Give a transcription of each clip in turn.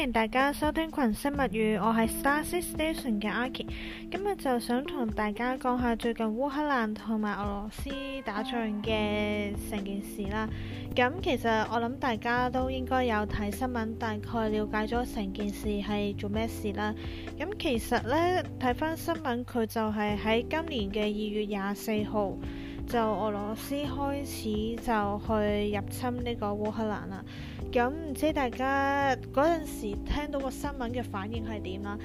歡迎大家收聽《群星物語》，我係 Star City Station 嘅 Aki，今日就想同大家講下最近烏克蘭同埋俄羅斯打仗嘅成件事啦。咁其實我諗大家都應該有睇新聞，大概了解咗成件事係做咩事啦。咁其實呢，睇翻新聞，佢就係喺今年嘅二月廿四號，就俄羅斯開始就去入侵呢個烏克蘭啦。咁唔、嗯、知大家嗰陣時聽到個新聞嘅反應係點啦？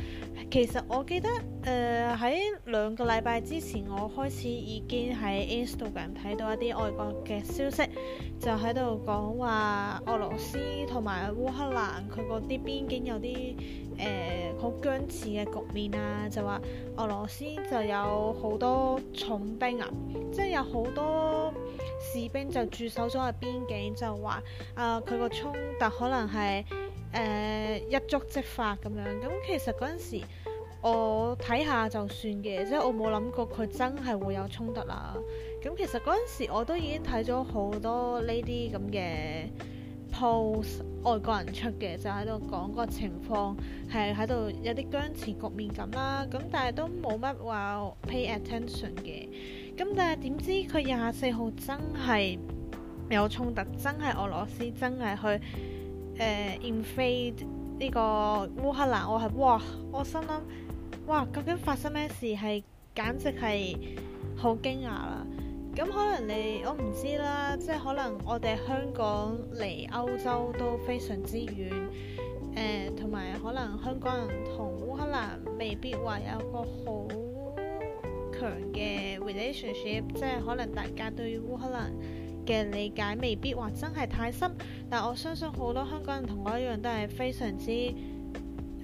其實我記得誒喺、呃、兩個禮拜之前，我開始已經喺 Instagram 睇到一啲外國嘅消息，就喺度講話俄羅斯同埋烏克蘭佢嗰啲邊境有啲誒好僵持嘅局面啊，就話俄羅斯就有好多重兵啊，即係有好多。士兵就駐守咗喺邊境，就話：啊、呃，佢個衝突可能係誒、呃、一觸即發咁樣。咁其實嗰陣時，我睇下就算嘅，即係我冇諗過佢真係會有衝突啦。咁其實嗰陣時我都已經睇咗好多呢啲咁嘅 post。外國人出嘅就喺度講個情況係喺度有啲僵持局面咁啦，咁但係都冇乜話要 pay attention 嘅，咁但係點知佢廿四號真係有衝突，真係俄羅斯真係去誒、呃、invade 呢個烏克蘭，我係哇，我心諗哇，究竟發生咩事，係簡直係好驚訝啦！咁可能你我唔知啦，即係可能我哋香港離歐洲都非常之遠，誒、呃，同埋可能香港人同烏克蘭未必話有個好強嘅 relationship，即係可能大家對烏克蘭嘅理解未必話真係太深，但我相信好多香港人同我一樣都係非常之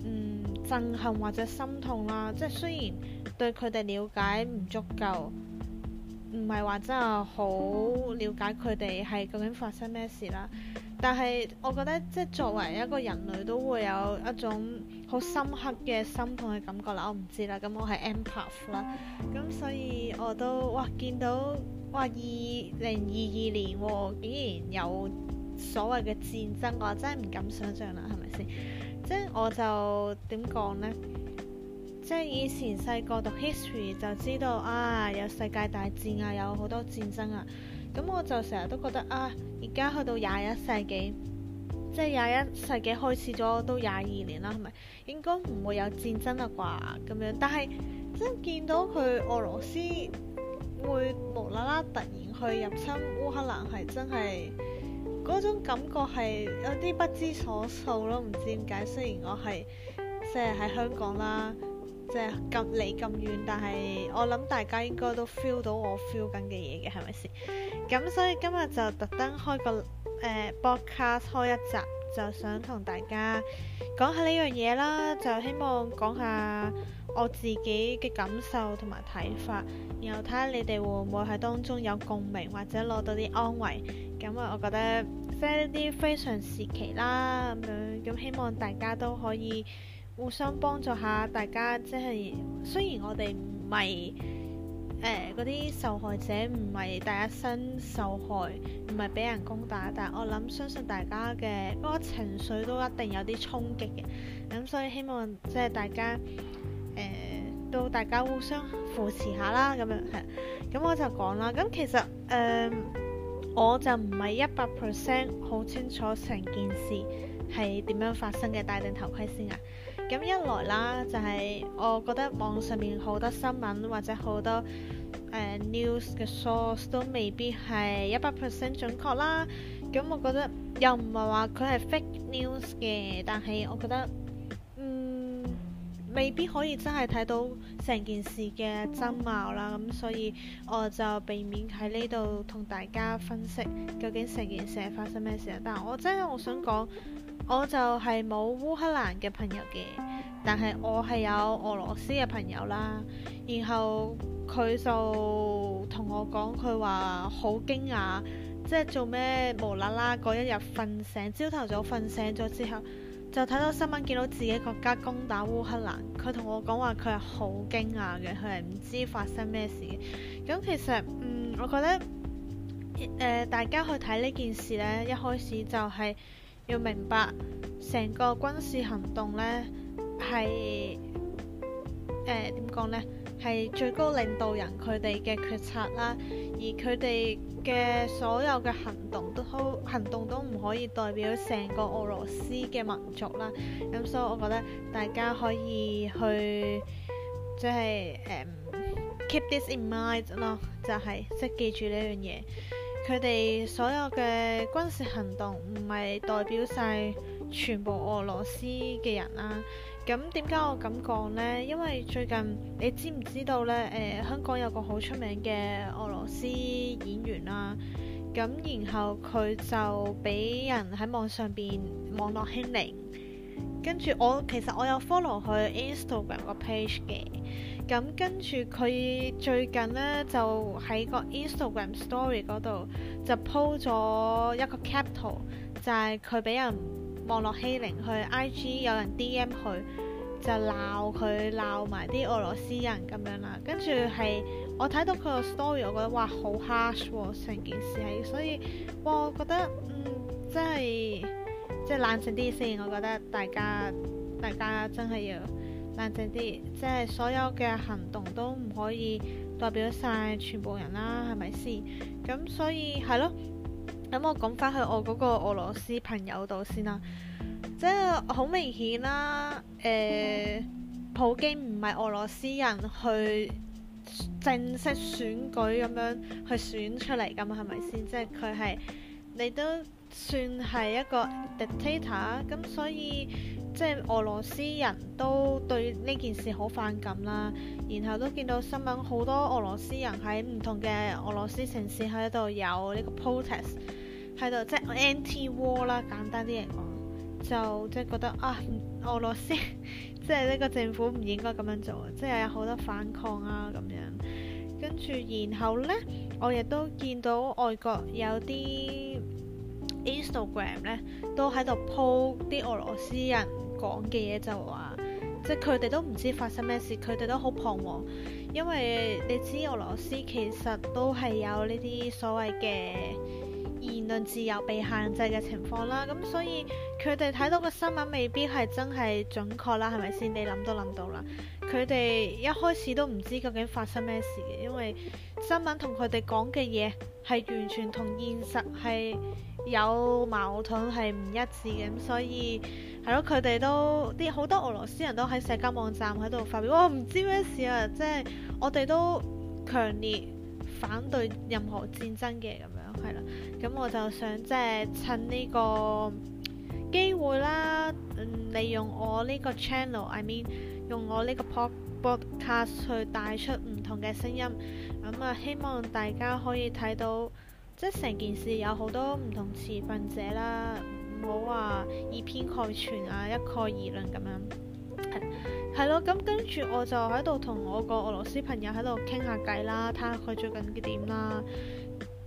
嗯震撼，或者心痛啦、啊，即係雖然對佢哋了解唔足夠。唔係話真係好了解佢哋係究竟發生咩事啦，但係我覺得即係作為一個人類都會有一種好深刻嘅心痛嘅感覺啦。我唔知啦，咁我係 Empath 啦，咁所以我都哇見到哇二零二二年、哦、竟然有所謂嘅戰爭，我真係唔敢想象啦，係咪先？即係我就點講呢？即係以前細個讀 history 就知道啊，有世界大戰啊，有好多戰爭啊。咁我就成日都覺得啊，而家去到廿一世紀，即係廿一世紀開始咗都廿二年啦，係咪應該唔會有戰爭啦啩？咁樣，但係真係見到佢俄羅斯會無啦啦突然去入侵烏克蘭，係真係嗰種感覺係有啲不知所措咯。唔知點解，雖然我係即係喺香港啦。即係咁離咁遠，但係我諗大家應該都 feel 到我 feel 緊嘅嘢嘅，係咪先？咁所以今日就特登開個誒、呃、播客開一集，就想同大家講下呢樣嘢啦，就希望講下我自己嘅感受同埋睇法，然後睇下你哋會唔會喺當中有共鳴或者攞到啲安慰。咁啊，我覺得即係啲非常時期啦，咁樣咁希望大家都可以，互相幫助下，大家即係雖然我哋唔係誒嗰啲受害者，唔係第一身受害，唔係俾人攻打，但係我諗相信大家嘅嗰個情緒都一定有啲衝擊嘅。咁、嗯、所以希望即係大家誒、呃，都大家互相扶持下啦。咁樣係咁，我就講啦。咁其實誒，我就唔係一百 percent 好清楚成件事係點樣發生嘅。戴定頭盔先啊！咁一來啦，就係、是、我覺得網上面好多新聞或者好多、呃、news 嘅 source 都未必係一百 percent 準確啦。咁我覺得又唔係話佢係 fake news 嘅，但係我覺得，嗯，未必可以真係睇到成件事嘅真貌啦。咁所以我就避免喺呢度同大家分析究竟成件事係發生咩事啊。但係我真係我想講。我就係冇烏克蘭嘅朋友嘅，但係我係有俄羅斯嘅朋友啦。然後佢就同我講，佢話好驚訝，即係做咩無啦啦嗰一日瞓醒，朝頭早瞓醒咗之後，就睇到新聞，見到自己國家攻打烏克蘭。佢同我講話，佢係好驚訝嘅，佢係唔知發生咩事嘅。咁其實嗯，我覺得誒，大家去睇呢件事呢，一開始就係。要明白，成個軍事行動呢，係誒點講呢，係最高領導人佢哋嘅決策啦，而佢哋嘅所有嘅行動都行動都唔可以代表成個俄羅斯嘅民族啦。咁、嗯、所以我覺得大家可以去即係、就是嗯、keep this in mind 咯，就係、是、識、就是、記住呢樣嘢。佢哋所有嘅軍事行動唔係代表晒全部俄羅斯嘅人啦、啊。咁點解我咁講呢？因為最近你知唔知道呢？誒、呃，香港有個好出名嘅俄羅斯演員啦、啊。咁然後佢就俾人喺網上邊網絡欺凌。跟住我其實我有 follow 佢 Instagram 個 page 嘅，咁跟住佢最近呢，就喺個 Instagram Story 嗰度就 po 咗一個 caption 就係佢俾人網絡欺凌，去 IG 有人 DM 佢就鬧佢鬧埋啲俄羅斯人咁樣啦。跟住係我睇到佢個 story，我覺得哇好 harsh 喎、啊，成件事係，所以哇我覺得嗯真係。即係冷靜啲先，我覺得大家大家真係要冷靜啲，即係所有嘅行動都唔可以代表晒全部人啦，係咪先？咁所以係咯，咁我講翻去我嗰個俄羅斯朋友度先啦，即係好明顯啦，誒、呃，普京唔係俄羅斯人去正式選舉咁樣去選出嚟噶嘛，係咪先？即係佢係你都。算係一個 dictator，咁所以即係俄羅斯人都對呢件事好反感啦。然後都見到新聞好多俄羅斯人喺唔同嘅俄羅斯城市喺度有呢個 protest 喺度，即係 anti-war 啦。簡單啲嚟講，就即係覺得啊，俄羅斯即係呢個政府唔應該咁樣做，即係有好多反抗啊咁樣。跟住然後呢，我亦都見到外國有啲，Instagram 咧都喺度 po 啲俄羅斯人講嘅嘢，就話即係佢哋都唔知發生咩事，佢哋都好彷徨，因為你知俄羅斯其實都係有呢啲所謂嘅言論自由被限制嘅情況啦。咁所以佢哋睇到嘅新聞未必係真係準確啦，係咪先？你諗都諗到啦。佢哋一開始都唔知究竟發生咩事嘅，因為新聞同佢哋講嘅嘢係完全同現實係有矛盾係唔一致嘅，咁所以係咯，佢哋都啲好多俄羅斯人都喺社交網站喺度發表，我唔知咩事啊！即係我哋都強烈反對任何戰爭嘅咁樣，係啦。咁我就想即係趁呢個機會啦，嗯、利用我呢個 channel，I mean，用我呢個 podcast 去帶出唔同嘅聲音。咁、嗯、啊，希望大家可以睇到。即係成件事有好多唔同持份者啦，唔好話以偏概全啊，一概而論咁樣。係係咯，咁、嗯、跟住我就喺度同我個俄羅斯朋友喺度傾下偈啦，睇下佢最近點啦。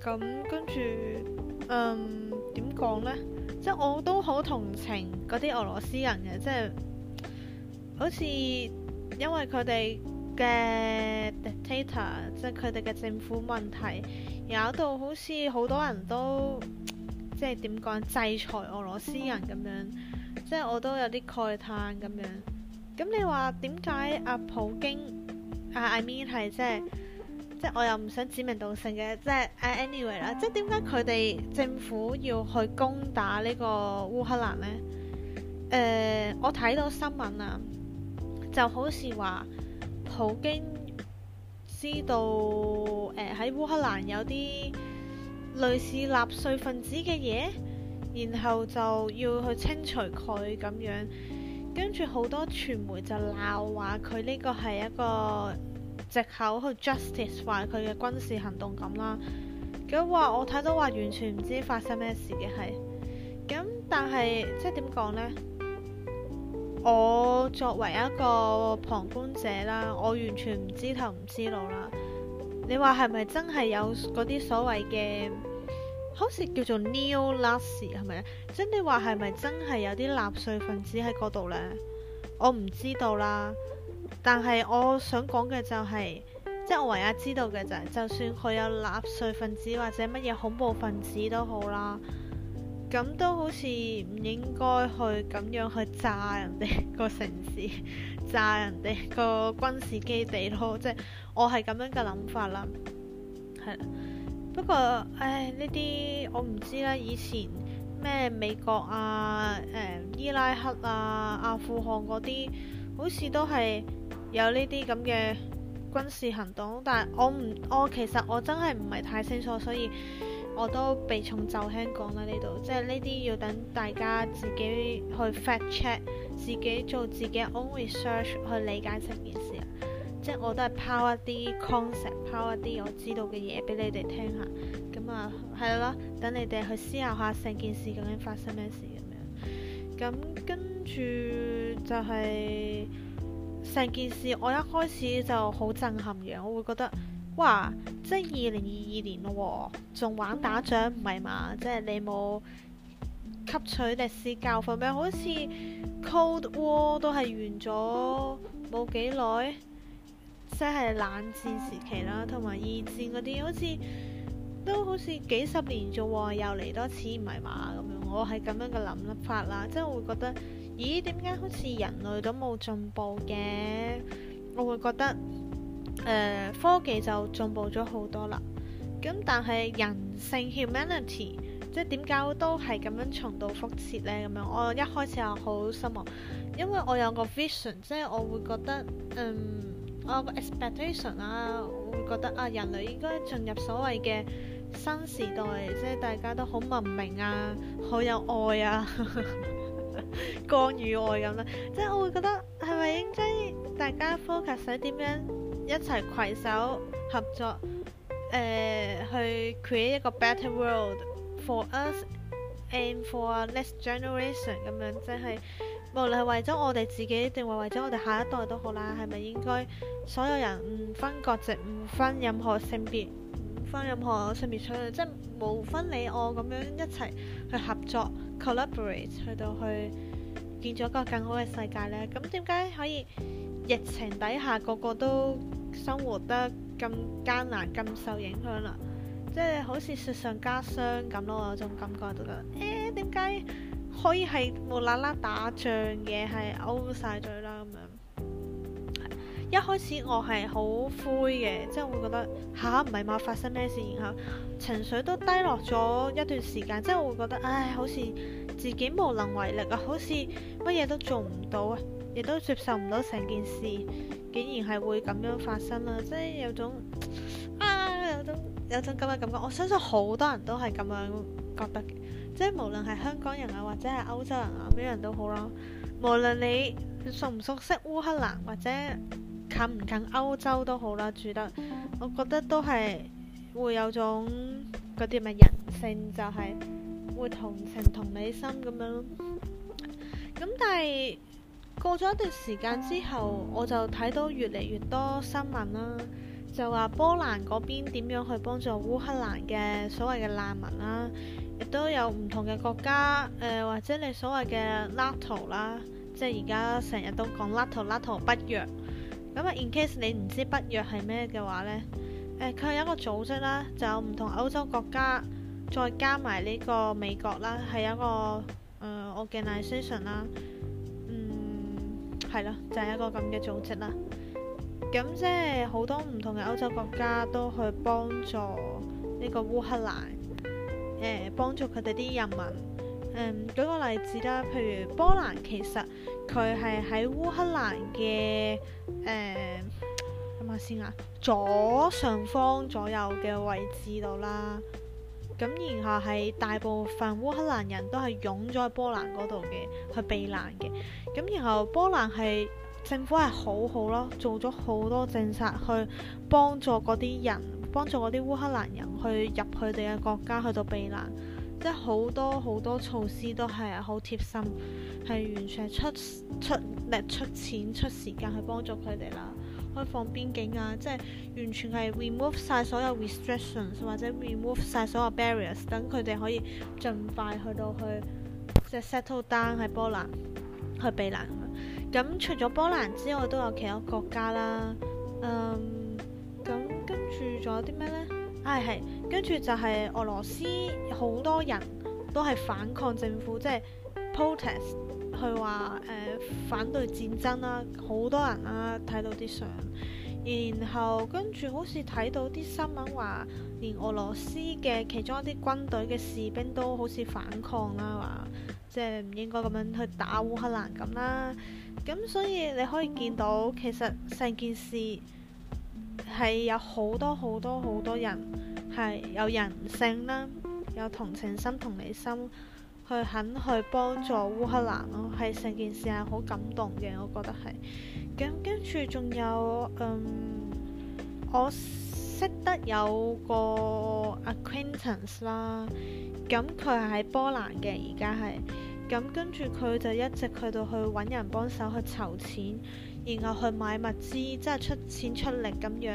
咁、嗯、跟住，嗯，點講呢？即係我都好同情嗰啲俄羅斯人嘅，即係好似因為佢哋嘅 dictator，即係佢哋嘅政府問題。有到好似好多人都即係點講制裁俄羅斯人咁樣，即係我都有啲慨嘆咁樣。咁你話點解阿普京？阿、啊、I mean 係即係即係我又唔想指名道姓嘅，即係 anyway 啦。啊、anyway, 即係點解佢哋政府要去攻打呢個烏克蘭呢？誒、呃，我睇到新聞啊，就好似話普京。知道誒喺烏克蘭有啲類似納粹分子嘅嘢，然後就要去清除佢咁樣，跟住好多傳媒就鬧話佢呢個係一個藉口去 justice，話佢嘅軍事行動咁啦。咁話我睇到話完全唔知發生咩事嘅係咁，但係即係點講呢？我作為一個旁觀者啦，我完全唔知頭唔知路啦。你話係咪真係有嗰啲所謂嘅，好似叫做 n e o l a s i 係咪？即你話係咪真係有啲納粹分子喺嗰度呢？我唔知道啦。但係我想講嘅就係、是，即、就、係、是、我唯一知道嘅就係、是，就算佢有納粹分子或者乜嘢恐怖分子都好啦。咁都好似唔應該去咁樣去炸人哋個城市， 炸人哋個軍事基地咯。即係我係咁樣嘅諗法啦。係，不過唉，呢啲我唔知啦。以前咩美國啊、誒、嗯、伊拉克啊、阿富汗嗰啲，好似都係有呢啲咁嘅軍事行動，但係我唔，我其實我真係唔係太清楚，所以。我都避重就輕講啦呢度，即係呢啲要等大家自己去 fact check，自己做自己 own research 去理解成件事。即係我都係拋一啲 concept，拋一啲我知道嘅嘢俾你哋聽下，咁啊係咯，等你哋去思考下成件事究竟發生咩事咁樣。咁跟住就係、是、成件事，我一開始就好震撼嘅，我會覺得。哇！即係二零二二年咯喎，仲玩打仗唔係嘛？即係你冇吸取歷史教訓，咩？好似 Cold War 都係完咗冇幾耐，即係冷戰時期啦，同埋二戰嗰啲，好似都好似幾十年啫喎，又嚟多次唔係嘛咁樣。我係咁樣嘅諗法啦，即係我會覺得，咦？點解好似人類都冇進步嘅？我會覺得。呃、科技就進步咗好多啦，咁但係人性 humanity，即係點解都係咁樣重蹈覆轍呢？咁樣我一開始又好失望，因為我有個 vision，即係我會覺得，嗯，我有個 expectation 啊，會覺得啊，人類應該進入所謂嘅新時代，即係大家都好文明啊，好有愛啊， 光與愛咁啦。即係我會覺得係咪應該大家 focus 喺點樣？一齊攜手合作，誒、呃、去 create 一個 better world for us and for a next generation 咁樣，即係無論係為咗我哋自己定或為咗我哋下一代都好啦，係咪應該所有人唔分國籍、唔分任何性別、唔分任何性別，取向即係無分你我咁樣一齊去合作 collaborate 去到去建咗一個更好嘅世界呢？咁點解可以？疫情底下個個都生活得咁艱難、咁受影響啦，即係好似雪上加霜咁咯。我有種感覺就覺得，誒點解可以係無啦啦打仗嘅係 O 晒嘴啦咁樣？一開始我係好灰嘅，即係會覺得吓唔係嘛發生咩事，然後情緒都低落咗一段時間，即係會覺得唉，好似自己無能為力啊，好似乜嘢都做唔到啊！亦都接受唔到成件事，竟然係會咁樣發生啦。即係有種啊，有種有種咁嘅感覺。我相信好多人都係咁樣覺得，即係無論係香港人啊，或者係歐洲人啊，咩人都好啦。無論你熟唔熟悉烏克蘭，或者近唔近歐洲都好啦，住得，我覺得都係會有種嗰啲咪人性，就係會同情同理心咁樣。咁但係。過咗一段時間之後，我就睇到越嚟越多新聞啦，就話波蘭嗰邊點樣去幫助烏克蘭嘅所謂嘅難民啦，亦都有唔同嘅國家誒、呃，或者你所謂嘅 NATO 啦，即係而家成日都講 NATO，NATO 北約。咁啊，in case 你唔知北約係咩嘅話呢，誒佢係一個組織啦，就有唔同歐洲國家，再加埋呢個美國啦，係一個誒、呃、Organization 啦。係咯，就係一個咁嘅組織啦。咁即係好多唔同嘅歐洲國家都去幫助呢個烏克蘭，誒、呃，幫助佢哋啲人民。嗯，舉個例子啦，譬如波蘭，其實佢係喺烏克蘭嘅，誒、呃，諗下先啊，左上方左右嘅位置度啦。咁然後係大部分烏克蘭人都係湧咗喺波蘭嗰度嘅去避難嘅，咁然後波蘭係政府係好好咯，做咗好多政策去幫助嗰啲人，幫助嗰啲烏克蘭人去入佢哋嘅國家去到避難，即係好多好多措施都係好貼心，係完全係出出力出錢出時間去幫助佢哋啦。開放邊境啊！即係完全係 remove 晒所有 restrictions 或者 remove 晒所有 barriers，等佢哋可以盡快去到去即係 settle down 喺波蘭去避難，啊。咁除咗波蘭之外，都有其他國家啦。嗯，咁跟住仲有啲咩呢？唉、啊，係，跟住就係俄羅斯好多人都係反抗政府，即係 protest。佢話誒反對戰爭啦，好多人啦睇到啲相，然後跟住好似睇到啲新聞話，連俄羅斯嘅其中一啲軍隊嘅士兵都好似反抗啦，話即係唔應該咁樣去打烏克蘭咁啦。咁所以你可以見到，其實成件事係有好多好多好多人係有人性啦，有同情心同理心。去肯去幫助烏克蘭咯，係成件事係好感動嘅，我覺得係。咁跟住仲有嗯，我識得有個 acquaintance 啦，咁佢係喺波蘭嘅而家係，咁跟住佢就一直去到去揾人幫手去籌錢，然後去買物資，即係出錢出力咁樣。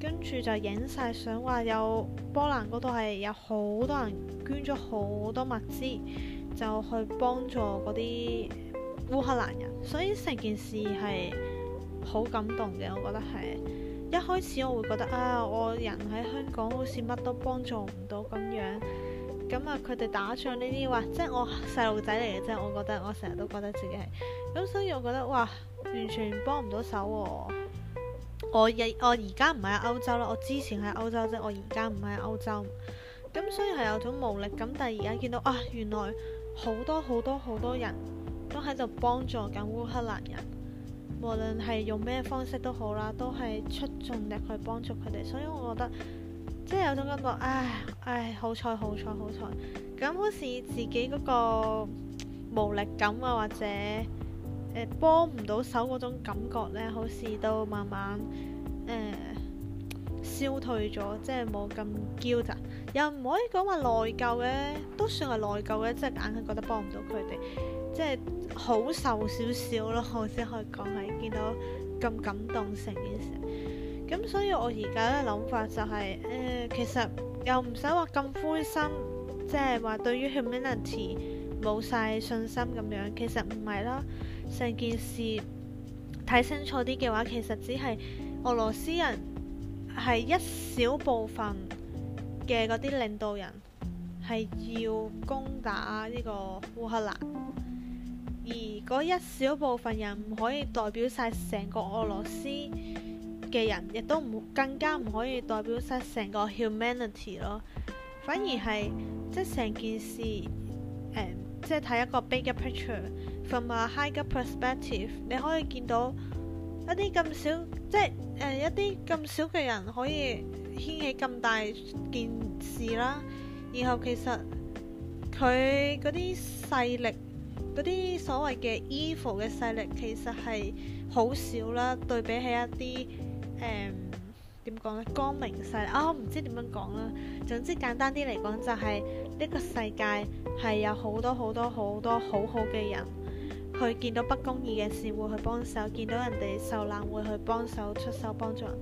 跟住就影晒相，話有波蘭嗰度係有好多人捐咗好多物資，就去幫助嗰啲烏克蘭人，所以成件事係好感動嘅。我覺得係一開始我會覺得啊，我人喺香港好似乜都幫助唔到咁樣。咁啊，佢哋打仗呢啲話，即係我細路仔嚟嘅啫。我覺得我成日都覺得自己係，咁所以我覺得哇，完全幫唔到手喎，啊。我日我而家唔喺歐洲啦，我之前喺歐洲啫，我而家唔喺歐洲，咁所以係有種無力感。但係而家見到啊，原來好多好多好多人都喺度幫助緊烏克蘭人，無論係用咩方式都好啦，都係出盡力去幫助佢哋。所以我覺得即係有種感覺，唉唉，好彩好彩好彩。咁好似自己嗰個無力感啊，或者～誒幫唔到手嗰種感覺呢，好似都慢慢誒、呃、消退咗，即係冇咁 guilty，又唔可以講話內疚嘅，都算係內疚嘅，即係硬係覺得幫唔到佢哋，即係好受少少咯。我先可以講係見到咁感動成件事，咁所以我而家嘅諗法就係、是、誒、呃，其實又唔使話咁灰心，即係話對於 humanity 冇晒信心咁樣，其實唔係啦。成件事睇清楚啲嘅話，其實只係俄羅斯人係一小部分嘅，嗰啲領導人係要攻打呢個烏克蘭，而嗰一小部分人唔可以代表晒成個俄羅斯嘅人，亦都唔更加唔可以代表晒成個 humanity 咯。反而係即係成件事誒、嗯，即係睇一個 big picture。From a higher perspective，你可以見到一啲咁少，即係誒、呃、一啲咁少嘅人可以掀起咁大件事啦。然後其實佢啲勢力，啲所謂嘅 evil 嘅勢力，其實係好少啦。對比起一啲誒點講咧，光明勢力啊，唔知點樣講啦。總之簡單啲嚟講就係呢個世界係有好多好多好多好好嘅人。佢見到不公義嘅事會去幫手，見到人哋受難會去幫手，出手幫助人，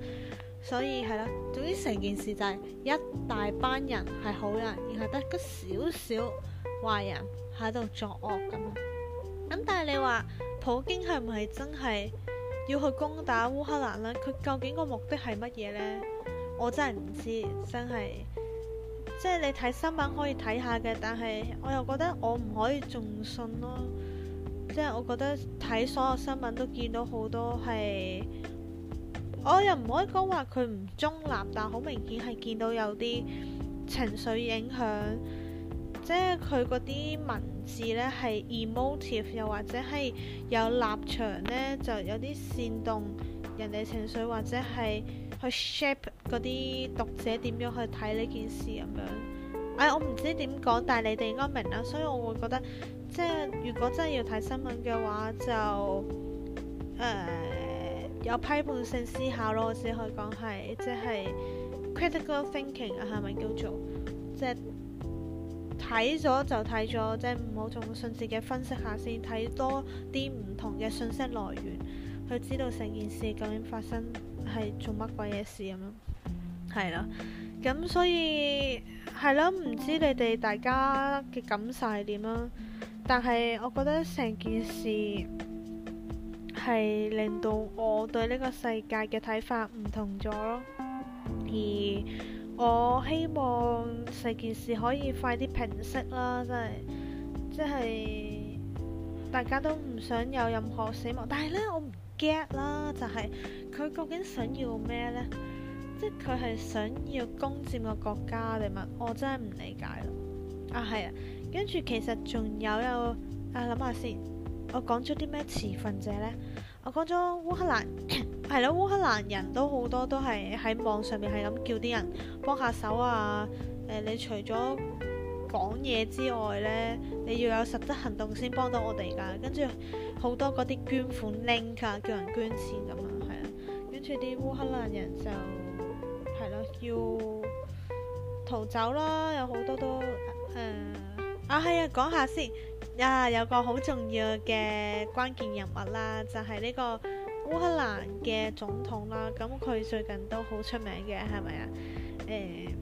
所以係啦。總之成件事就係、是、一大班人係好人，然後得嗰少少壞人喺度作惡咁。咁、嗯、但係你話普京係唔係真係要去攻打烏克蘭呢？佢究竟個目的係乜嘢呢？我真係唔知，真係即係你睇新聞可以睇下嘅，但係我又覺得我唔可以仲信咯。即係我覺得睇所有新聞都見到好多係，我、哦、又唔可以講話佢唔中立，但好明顯係見到有啲情緒影響，即係佢嗰啲文字呢係 emotive，又或者係有立場呢就有啲煽動人哋情緒，或者係去 shape 嗰啲讀者點樣去睇呢件事咁樣。哎，我唔知點講，但係你哋應該明啦，所以我會覺得，即係如果真係要睇新聞嘅話，就誒、呃、有批判性思考咯，我只可以講係，即係 critical thinking 啊，係咪叫做即係睇咗就睇咗，即係唔好仲信，自己分析下先，睇多啲唔同嘅信息來源，去知道成件事究竟發生係做乜鬼嘢事咁樣，係、嗯、啦。咁所以係咯，唔知你哋大家嘅感受係點啦？但係我覺得成件事係令到我對呢個世界嘅睇法唔同咗咯。而我希望成件事可以快啲平息啦，真係，即係大家都唔想有任何死亡。但係呢，我唔 get 啦，就係，佢究竟想要咩呢？即佢係想要攻佔個國家，你問我真係唔理解啦。啊，係啊，跟住其實仲有有，啊，諗下先，我講咗啲咩持份者呢？我講咗烏克蘭係咯， 烏克蘭人都好多都係喺網上面係咁叫啲人幫下手啊。誒、呃，你除咗講嘢之外呢，你要有實質行動先幫到我哋㗎、啊。跟住好多嗰啲捐款 link、啊、叫人捐錢咁啊，係啊。跟住啲烏克蘭人就～要逃走啦！有好多都誒、呃、啊，係啊，講下先啊，有個好重要嘅關鍵人物啦，就係呢個烏克蘭嘅總統啦。咁佢最近都好出名嘅，係咪啊？誒、呃，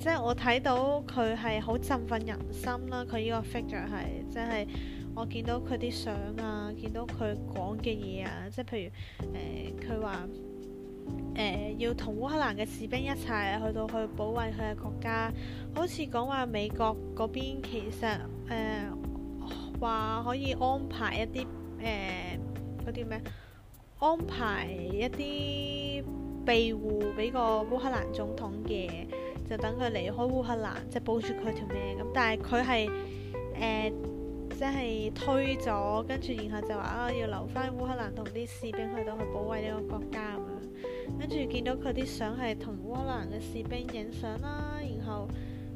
即係我睇到佢係好振奮人心啦。佢呢個 figure 係，即係我見到佢啲相啊，見到佢講嘅嘢啊，即係譬如誒，佢話，誒，要同烏克蘭嘅士兵一齊去到去保衛佢嘅國家，好似講話美國嗰邊其實誒話可以安排一啲誒嗰啲咩，安排一啲庇護俾個烏克蘭總統嘅，就等佢離開烏克蘭，即係保住佢條命咁。但係佢係誒即係推咗，跟住然後就話啊要留翻烏克蘭同啲士兵去到去保衛呢個國家咁樣。嘛跟住見到佢啲相係同波蘭嘅士兵影相啦，然後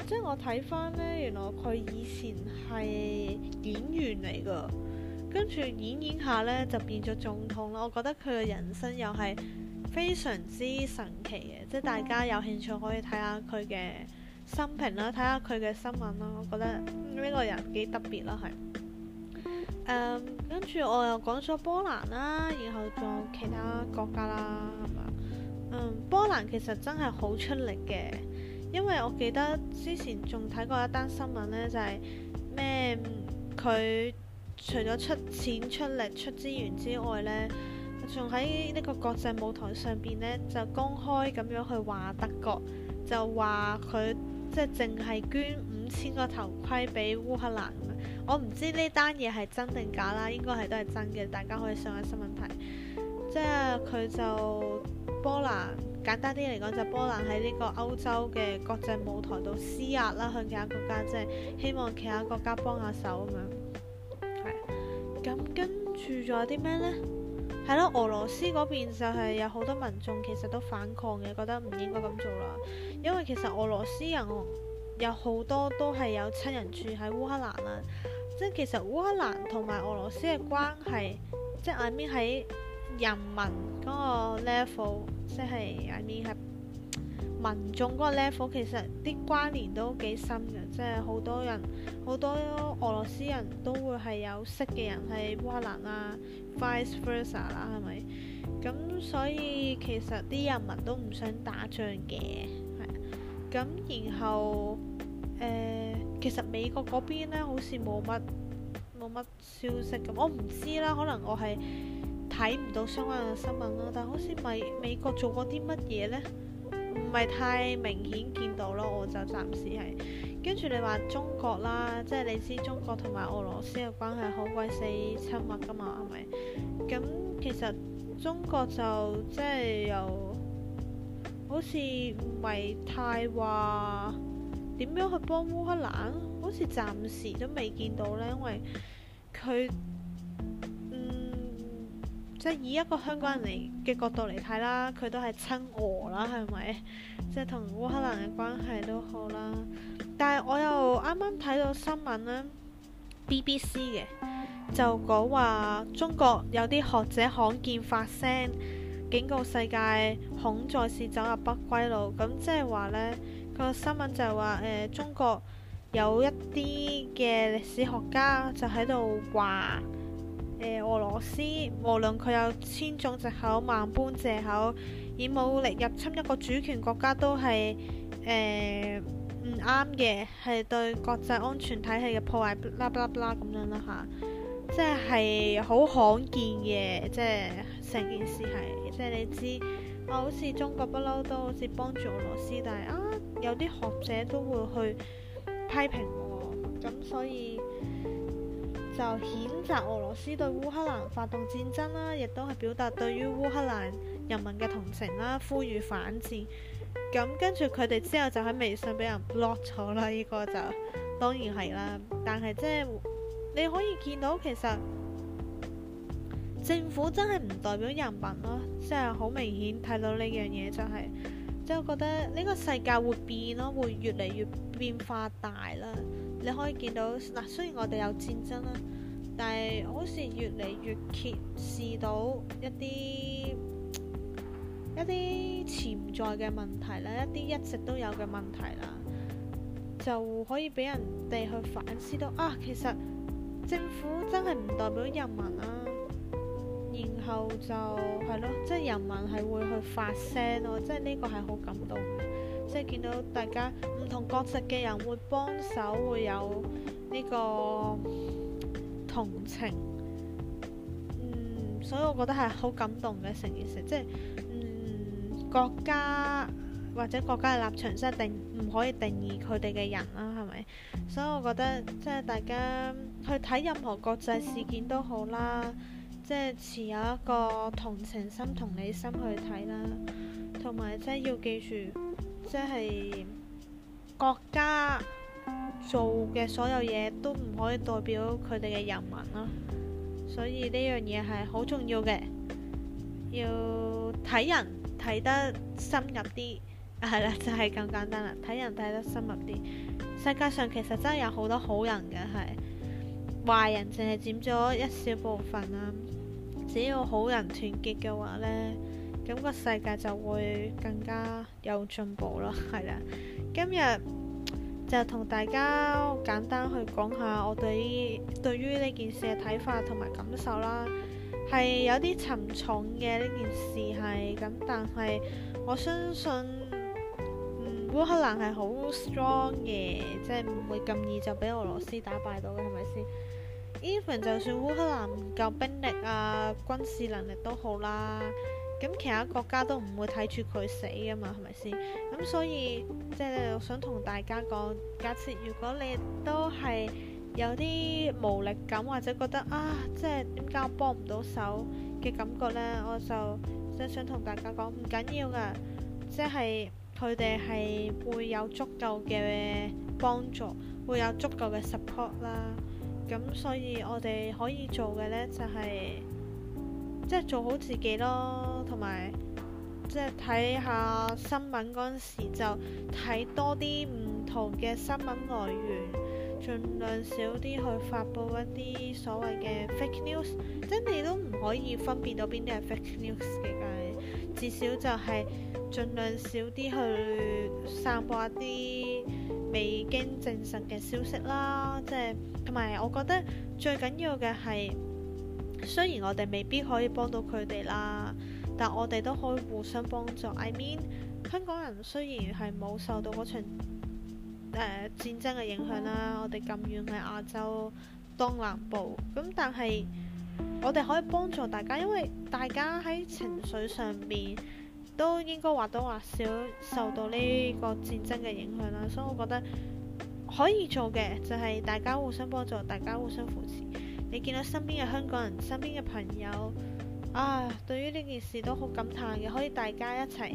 即係我睇翻呢，原來佢以前係演員嚟噶，跟住演演下呢，就變咗總統啦。我覺得佢嘅人生又係非常之神奇嘅，即係大家有興趣可以睇下佢嘅生平啦，睇下佢嘅新聞啦。我覺得呢個人幾特別啦，係、嗯、跟住我又講咗波蘭啦，然後仲有其他國家啦。嗯，波蘭其實真係好出力嘅，因為我記得之前仲睇過一單新聞呢，就係咩佢除咗出錢出力出資源之外呢，仲喺呢個國際舞台上邊呢，就公開咁樣去話德國，就話佢即係淨係捐五千個頭盔俾烏克蘭。我唔知呢單嘢係真定假啦，應該係都係真嘅，大家可以上一新聞睇。即係、啊、佢就波蘭，簡單啲嚟講，就波蘭喺呢個歐洲嘅國際舞台度施壓啦，向其他國家，即係希望其他國家幫下手咁樣。係咁，跟住仲有啲咩呢？係咯，俄羅斯嗰邊就係有好多民眾其實都反抗嘅，覺得唔應該咁做啦。因為其實俄羅斯人有好多都係有親人住喺烏克蘭啦，即係其實烏克蘭同埋俄羅斯嘅關係，即係面喺。I mean, 人民嗰個 level，即係 I mean 係民眾嗰個 level，其實啲關聯都幾深嘅，即係好多人，好多俄羅斯人都會係有識嘅人喺烏克蘭啦，vice versa 啦，係咪？咁所以其實啲人民都唔想打仗嘅，係。咁然後誒、呃，其實美國嗰邊呢，好似冇乜冇乜消息咁，我唔知啦，可能我係。睇唔到相關嘅新聞啦，但好似咪美國做過啲乜嘢呢？唔係太明顯見到咯，我就暫時係跟住你話中國啦，即係你知中國同埋俄羅斯嘅關係好鬼死親密㗎嘛，係咪？咁其實中國就即係又好似唔係太話點樣去幫烏克蘭，好似暫時都未見到呢，因為佢。即係以一個香港人嚟嘅角度嚟睇啦，佢都係親俄啦，係咪？即係同烏克蘭嘅關係都好啦。但係我又啱啱睇到新聞咧，BBC 嘅就講話中國有啲學者罕見發聲，警告世界恐再次走入不歸路。咁即係話呢、呢個新聞就係話誒中國有一啲嘅歷史學家就喺度話。呃、俄羅斯無論佢有千種藉口、萬般藉口，以武力入侵一個主權國家都係誒唔啱嘅，係、呃、對、對國際安全體系嘅破壞，啦啦啦咁樣啦嚇、啊，即係係好罕見嘅，即係成件事係，即係你知啊，好似中國不嬲都好似幫住俄羅斯，但係啊，有啲學者都會去批評我，咁所以。就譴責俄羅斯對烏克蘭發動戰爭啦，亦都係表達對於烏克蘭人民嘅同情啦，呼籲反戰。咁跟住佢哋之後就喺微信俾人 block 咗啦，呢個就當然係啦。但係即係你可以見到，其實政府真係唔代表人民咯，即係好明顯睇到呢樣嘢就係，即係覺得呢個世界會變咯，會越嚟越變化大啦。你可以見到嗱，雖然我哋有戰爭啦，但係好似越嚟越揭示到一啲一啲潛在嘅問題啦，一啲一直都有嘅問題啦，就可以俾人哋去反思到啊，其實政府真係唔代表人民啦，啊，然後就係咯，即係、即係、人民係會去發聲咯，即係呢個係好感動。即係見到大家唔同國籍嘅人會幫手，會有呢個同情。嗯，所以我覺得係好感動嘅成件事。即係嗯國家或者國家嘅立場，真係定唔可以定義佢哋嘅人啦，係咪？所以，我覺得即係大家去睇任何國際事件都好啦，即係持有一個同情心、同理心去睇啦，同埋即係要記住。即係國家做嘅所有嘢都唔可以代表佢哋嘅人民囉，所以呢樣嘢係好重要嘅，要睇人睇得深入啲，係啦，就係咁簡單啦，睇人睇得深入啲。世界上其實真係有好多好人嘅，係壞人淨係佔咗一小部分啦。只要好人團結嘅話呢，咁個世界就會更加有進步咯，係啦。今日就同大家簡單去講下我對於對於呢件事嘅睇法同埋感受啦。係有啲沉重嘅呢件事係咁，但係我相信嗯、烏克蘭係好 strong 嘅，即係唔會咁易就俾俄羅斯打敗到嘅，係咪先？Even 就算烏克蘭唔夠兵力啊，軍事能力都好啦。咁其他國家都唔會睇住佢死㗎嘛，係咪先？咁所以即係想同大家講，假設如果你都係有啲無力感，或者覺得啊，即係點解我幫唔到手嘅感覺呢，我就即係想同大家講唔緊要㗎，即係佢哋係會有足夠嘅幫助，會有足夠嘅 support 啦。咁所以我哋可以做嘅呢，就係、是。即係做好自己咯，同埋即係睇下新聞嗰陣時就睇多啲唔同嘅新聞來源，盡量少啲去發布一啲所謂嘅 fake news，即係你都唔可以分辨到邊啲係 fake news 嘅，至少就係盡量少啲去散播一啲未經證實嘅消息啦。即係同埋我覺得最緊要嘅係。雖然我哋未必可以幫到佢哋啦，但我哋都可以互相幫助。I mean，香港人雖然係冇受到嗰場誒、呃、戰爭嘅影響啦，我哋咁遠喺亞洲東南部，咁但係我哋可以幫助大家，因為大家喺情緒上面都應該或多或少受到呢個戰爭嘅影響啦，所以我覺得可以做嘅就係、係、大家互相幫助，大家互相扶持。你見到身邊嘅香港人、身邊嘅朋友啊，對於呢件事都好感嘆嘅，可以大家一齊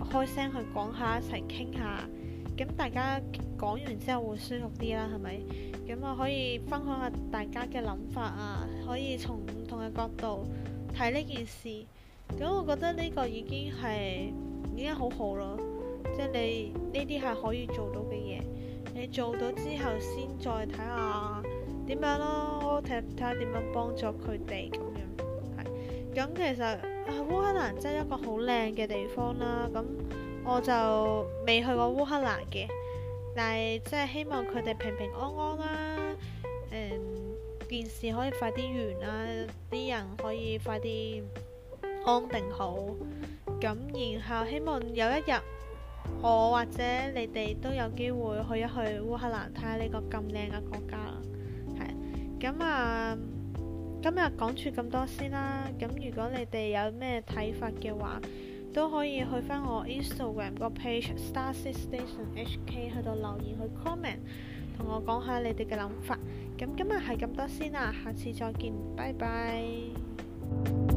開聲去講下，一齊傾下。咁大家講完之後會舒服啲啦，係咪？咁啊，可以分享下大家嘅諗法啊，可以從唔同嘅角度睇呢件事。咁我覺得呢個已經係已經好好咯，即係你呢啲係可以做到嘅嘢。你做到之後，先再睇下。點樣咯？睇下點樣幫助佢哋咁樣，咁。其實烏克蘭真係一個好靚嘅地方啦。咁我就未去過烏克蘭嘅，但係即係希望佢哋平平安安啦、啊嗯。件事可以快啲完啦、啊，啲人可以快啲安定好。咁然後希望有一日，我或者你哋都有機會去一去烏克蘭，睇下呢個咁靚嘅國家啦。咁啊，今日講住咁多先啦。咁如果你哋有咩睇法嘅話，都可以去返我 Instagram 個 page Star City Station HK 去度留言去 comment，同我講下你哋嘅諗法。咁今日係咁多先啦，下次再見，拜拜。